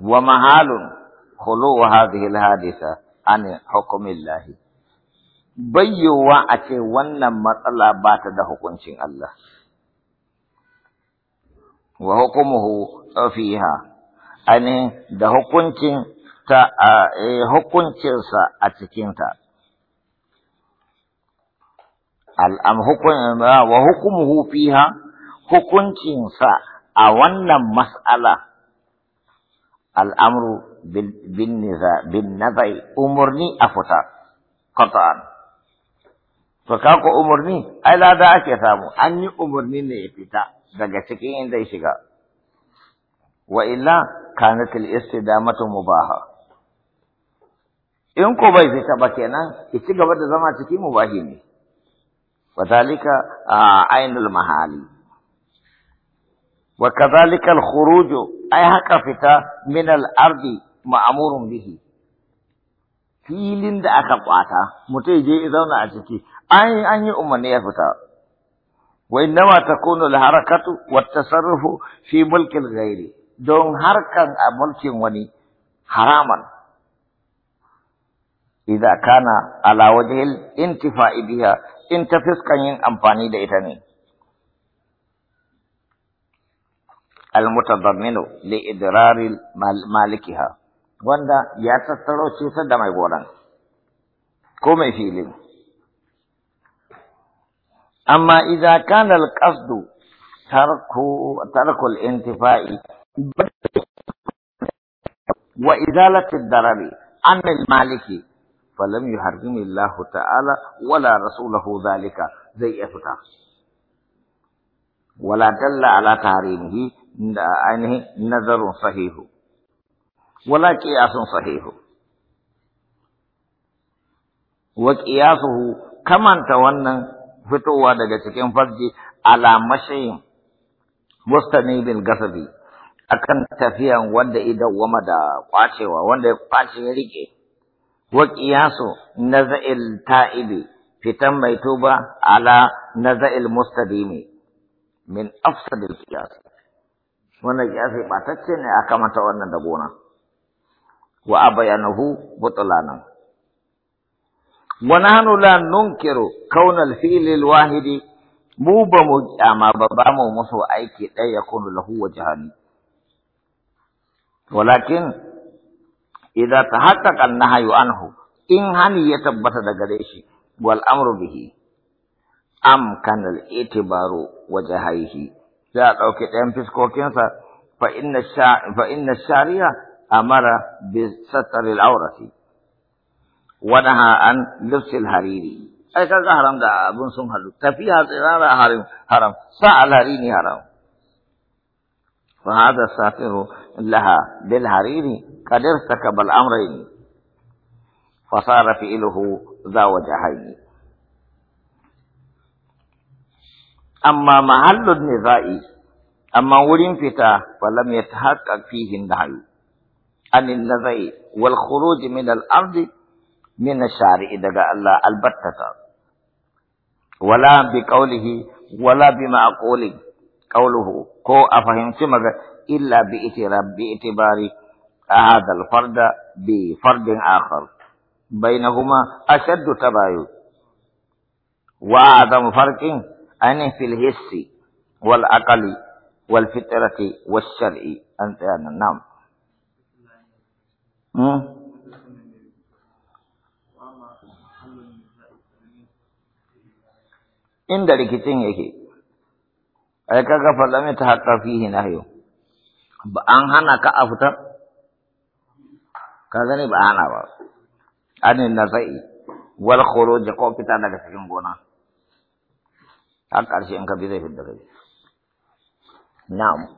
wa mahalun khulu wa hadhihi alhadisa an hukmillah bayuwa a ce wannan matsala bata da hukuncin Allah wa hukumuhu fiha ani da hukuncin sa a e, cikin ta wa hukumuhu fiha hukuncin sa a wannan mas'ala al'amru bin nazai umarni a fita kwata'an. To kako umarni, ai lada ake samu, an yi umarni ne ya fita daga cikin inda ya shiga. Wa illa kanatil istidamatu mubaha. In ko bai fita ba kenan, ki ci gaba da zama cikin mubahi ne. Wa a ainul mahali. وكذلك الخروج أي هكا فتا من الأرض مأمور به filin da aka kwata mutum je ya zauna a ciki an yi an yi umarni ya fita wa innama takunu al-harakatu wat-tasarrufu fi mulki al-ghairi don harkan a mulkin wani haraman idza kana ala wajhil intifa'i biha in ta fiskan yin amfani da ita ne المتضمن لإدرار مالكها وندا يا تسترو شيسا دمي غوران كومي فيلين أما إذا كان القصد ترك ترك الانتفاع وإزالة الضرر عن المالك فلم يحرم الله تعالى ولا رسوله ذلك زي أفتح ولا دل على تحريمه ainihin nazarun sahihu wala qiyasun sahihu wa qiyasuhu kamanta wannan fitowa daga cikin farji ala mashayin bin gasabi akan tafiyan wanda idan wama da kwacewa wanda ya kwace ya rike wa qiyasu naza'il ta'ibi fitan mai tuba ala naza'il mustadimi min afsadil qiyas wannan kiyasi batacce ne a kamata wannan da gona wa abayanahu butlana wa nahnu la nunkiru kauna al-fi'l al-wahidi mu ba mu kyama ba ba mu musu aiki ɗaya ya kunu lahu wajhan walakin idza tahaqqaqa an-nahyu anhu in hani ya tabbata da gare shi wal amru bihi amkana al-i'tibaru wajhaihi ساق او كتام يعني في فإن, الشعر الشعرية أمر بستر العورة ونهى عن لبس الحريري أي كذا حرام ده أبن سوم هلو تفيها زرارة حرام حرام ساء الحريري حرام فهذا ساقه لها بالحريري قد ارتكب الأمرين فصار فعله ذا وجهين أما محل النزاع أما ولين فتا فلم يتحقق فيه النهي عن النزاع والخروج من الأرض من الشارع دقاء الله البتة ولا بقوله ولا أقوله قوله كو أفهم سمك إلا باعتبار هذا الفرد بفرد آخر بينهما أشد تباين وأعظم فرق ani fil hissi wal akali wal fitrati was syar'i antara enam. Hmm. In da rikicin ya ki. Aka ka falami tahakka fihi nahyu. Ba'anghan aka afutab. Kata ni ba'anghan apa? Ani nasai. Wal khuruj kau daga cikin gona. har ƙarshe in ka bi zai fidda kai na'am